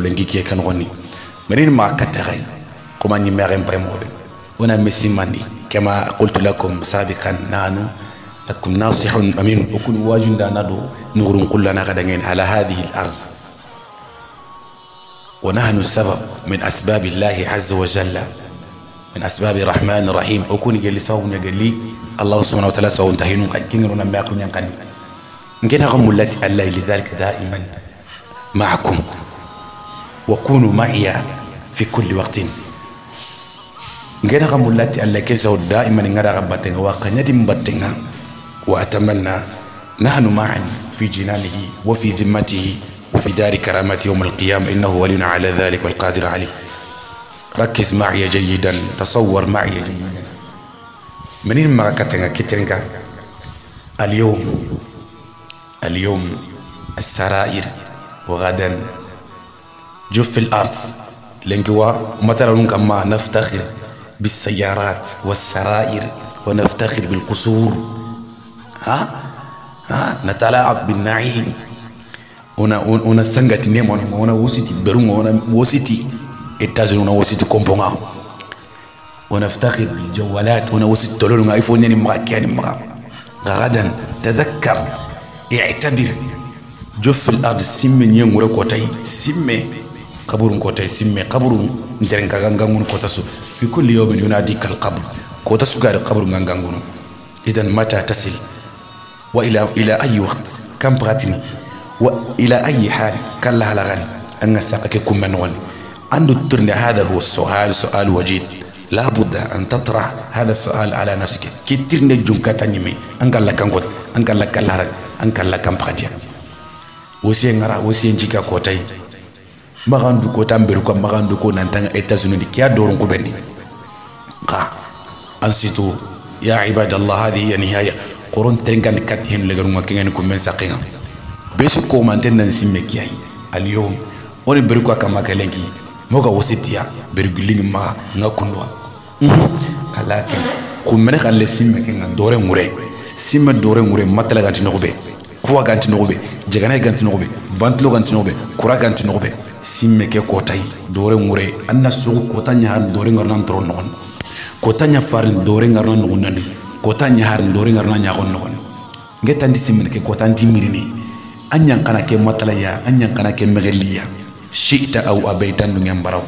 lengi kie kan goni marin ma katare kuma ni mere mbay mo wana messi mandi kama qultu lakum sabiqan nanu takum nasihun amin ukun wajunda nadu nurun kullana kadangen ala hadhihi al-arz ونحن السبب من أسباب الله عز وجل من أسباب الرحمن الرحيم أكون جلي سو نجلي الله سبحانه وتعالى سو انتهينو كنر ما يقول ينقني نجينا غم التي الله لذلك دائما معكم وكونوا معي في كل وقت غير ان الله كيسو دائما غير غبتنا وقنادي مبتنا وأتمنى نحن معا في جنانه وفي ذمته وفي دار كرامته يوم القيامة إنه ولينا على ذلك والقادر عليه ركز معي جيدا تصور معي جيدا منين ما كتنغا اليوم اليوم السرائر وغدا جوف في الأرض لنكوا مثلا كما نفتخر بالسيارات والسرائر ونفتخر بالقصور ها ها نتلاعب بالنعيم una una sangati نيمون mwana وسيتي wositi berungo وسيتي wositi etazi وسيتي كومبونا ونفتخر بالجوالات هنا وسيتي تلولون ايفون يعني مغاك يعني مغا غدا تذكر اعتبر جف الارض سم يوم ورك وتاي kaburun kota simme kaburun nderen ka gangangunu kota su fi kulli yawmin yunadika alqabr kota su gari kaburun gangangunu idan mata tasil wa ila ila ayi waqt kam pratini wa ila ayi hal kala halagan an saqake kum manwan عنده الترن هذا هو السؤال سؤال وجيد لابد أن تطرح هذا السؤال على نفسك كي ترن الجنكة تنمي أنك لك أنقود أنك لك الهرق أنك لك أمبخديا وسين غرا وسين جيكا كوتاي magan duko tan beru ka magan duko nan tan etats-unis di kiya dorun ku benni ka an situ ya ibadallah hadi hiya nihaya qoron terengan kat hen legaru ma ku men saqinga besu ko man nan simme kiyai al woni beru ka kama kalengi moga wasitiya beru gilingi ma nga kunwa mhm. ku men khalle simme kenga dore ngure simme dore ngure matala ganti kuwa ganti nogobe jegana ganti nogobe vantlo ganti nogobe kura ganti nogobe simmeke kotayi dore ngure anna su kota nya ɲahar doren garnan toro non kota nya ɲafarin doren garna nugunandi kota nya har dore ɲaharin doren garna ɲagon nogoni nge tanti simmeneke kota ndi mirini anya kana ke matala ya anya kana ke megeliya shiita au abeitan dungen baraw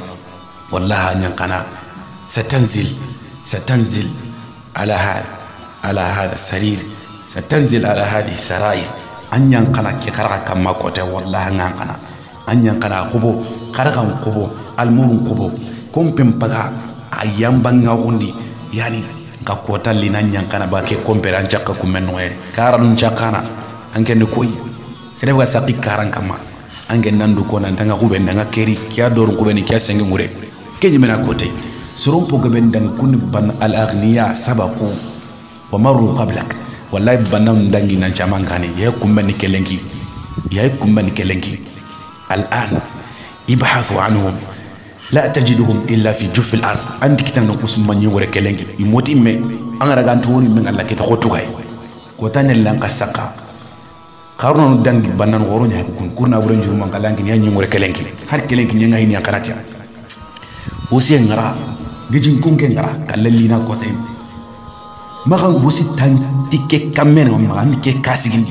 wallahi anya kana satanzil satanzil ala hal ala hada sarir satanzil ala hadi sarair anya kana ke xaraxa makota wallahi anya kana anya kara kubo karakan kubo almurun kubo kompen paga a yambanga gundi yani ka kota lina nyankana ba ke kompera nchaka kumenno ere karan nchakana anke ne koyi sere ba saki karan kama anke nandu ko nan tanga kuben danga keri kya dor kuben kya senge ngure kenyi mena kote surum po gaben danga kun ban al aghniya sabaqu wa marru qablak wallahi banam dangi nan chamangani ya kumben kelengi ya kumben kelengi الآن يبحثوا عنهم لا تجدهم إلا في جف الأرض أنت عندك نقص من يورك كلنج يموت إما أنا رجعت توني من الله كتخوتو غاي كوتان اللان قسقا قارنا ندان بنان غورون يحكون كورنا جرو من كلنج نيان يورك كلنج هر كلنج نيان هيني أكناتيا وسي نرا جيجين كون كن نرى كللينا كوتين ما كان وسي تان تيكي كمين وما كان تيكي كاسين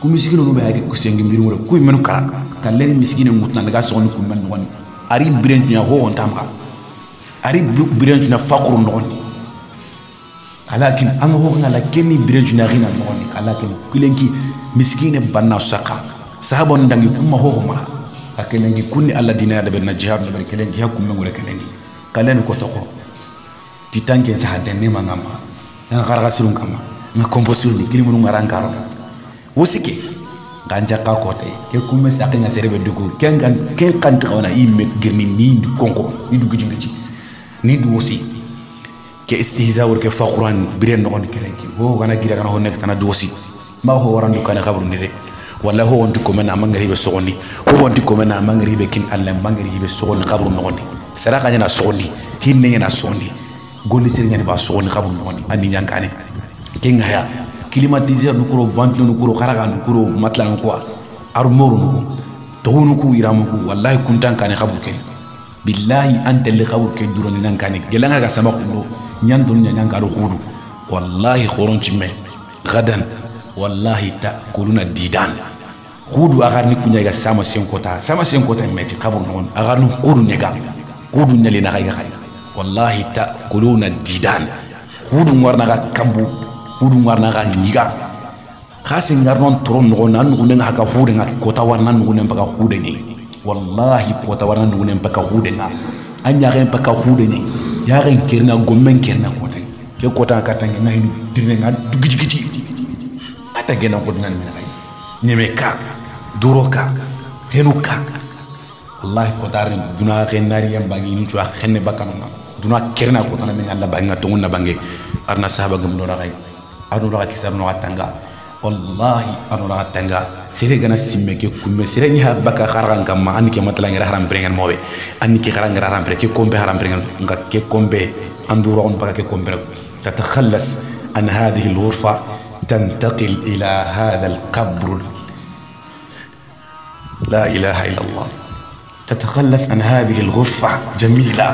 ku misikino nu bɛ yaki sengi mbiri wure ku menu kara ka lɛri misikine ŋutuna daga sɔgɔni kun bɛ nɔgɔni ari biren tunya ho on tamka ari biren tunya fakuru nɔgɔni kala kin an ho kan la kenni biren tunya rina nɔgɔni kala kin kilenki misikine banna saka sahabon dangi kuma ho ho mara ka kelenki kunni alla dina dabe na jihad da kelenki hakku men gure kelenki kalani ko toko titanke sa hadde ne ma nga garga surun kama nga komposuru ni munu ngaran karo wusike kanca ka kote ke kume saki nga serebe dugu ken kan ken kan ona i me girni ni du konko ni du gijingi ci ni du wosi ke istihza wor ke faquran biren no on kelen ki wo gana gira kana honne tana du wosi ma ho warandu kana kabru ni de walla ho wonti ko men amangari be sogoni ho wonti ko men amangari be kin alla amangari be sogoni kabru no ni sara kanya na sogoni hinne na sogoni golli sir nyani ba sogoni kabru no ni andi nyankane ken ngaya climatiseur nukuro ventilo nukuro haraga nukuro matla nukuwa armoru nuku togu nuku iramuku wallahi kuntan kane habur ke billahi ante antelli habur ke duroni nan kane gelanga ga samba kullo nyan donu nya nyan karo hudu wallahi horon cimme gadan wallahi ta kuluna didan hudu agar ni kunya ga sama sen kota sama sen kota meti kabur non agar nu kudu nyega kudu nyali na ga ga wallahi ta kuluna didan kudu warna ga kambu kudu warna ka niga khasi ngarnon tron no nan ngune nga kota warnan ngune mpaka kude ni wallahi kota warnan ngune mpaka kude nga anya ga mpaka kude ni ya ga kirna gomen kirna kota ke kota ka tangi na hin dirne nga gijigiji ata gena ko dinan mena kay nyeme ka duro ka henu ka wallahi kota ini duna kenari nari yam bagi ni tuwa khenne bakana duna kirna kota na mena la banga tungun na bange arna sahaba gam do ra anora kisa no atanga wallahi anora atanga sere gana simme ke kumme sere ni ha baka kharan kam an ke matla ngira haram brengen mobe an ke kharan ngira haram ke kombe haram brengen nga ke kombe andura on baka ke kombe تتخلص عن هذه الغرفة تنتقل إلى هذا القبر لا إله إلا الله تتخلص عن هذه الغرفة جميلة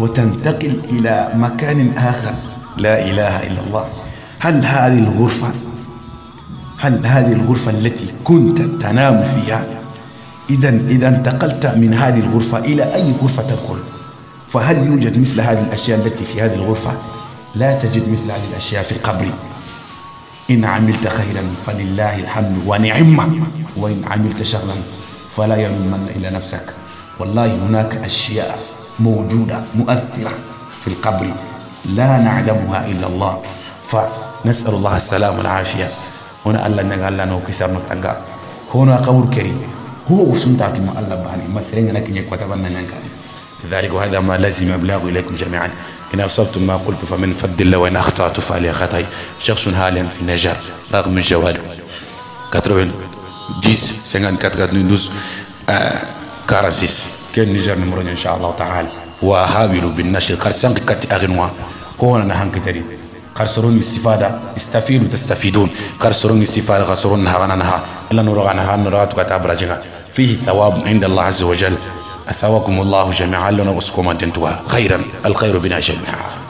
وتنتقل إلى مكان آخر لا إله إلا الله هل هذه الغرفة هل هذه الغرفة التي كنت تنام فيها إذا إذا انتقلت من هذه الغرفة إلى أي غرفة تدخل فهل يوجد مثل هذه الأشياء التي في هذه الغرفة لا تجد مثل هذه الأشياء في القبر إن عملت خيرا فلله الحمد ونعمة وإن عملت شرا فلا يلومن إلا نفسك والله هناك أشياء موجودة مؤثرة في القبر لا نعلمها إلا الله فنسأل الله السلام والعافية هنا الله أن قال لنا وكسر نتنقى هنا قبر كريم هو سنتات ما الله بعني ما سرين لكن يكوتبنا ننقى لذلك وهذا ما لازم أبلاغ إليكم جميعا إن أصبتم ما قلت فمن فضل الله وإن أخطأت فعلي خطأي شخص حاليا في النجار رغم الجوال 80 10 54 92 46 كان النجار نمرون إن شاء الله تعالى وهابل بالنشر قرسان كت أغنوا هو أنا نهان كتري قرسون استفادة استفيدوا تستفيدون قرسرون استفادة نها نهانا نها إلا نورغا نها نورغا تقطع رجعا فيه ثواب عند الله عز وجل أثواكم الله جميعا لنا وسكم أنتوا خيرا الخير بنا جميعا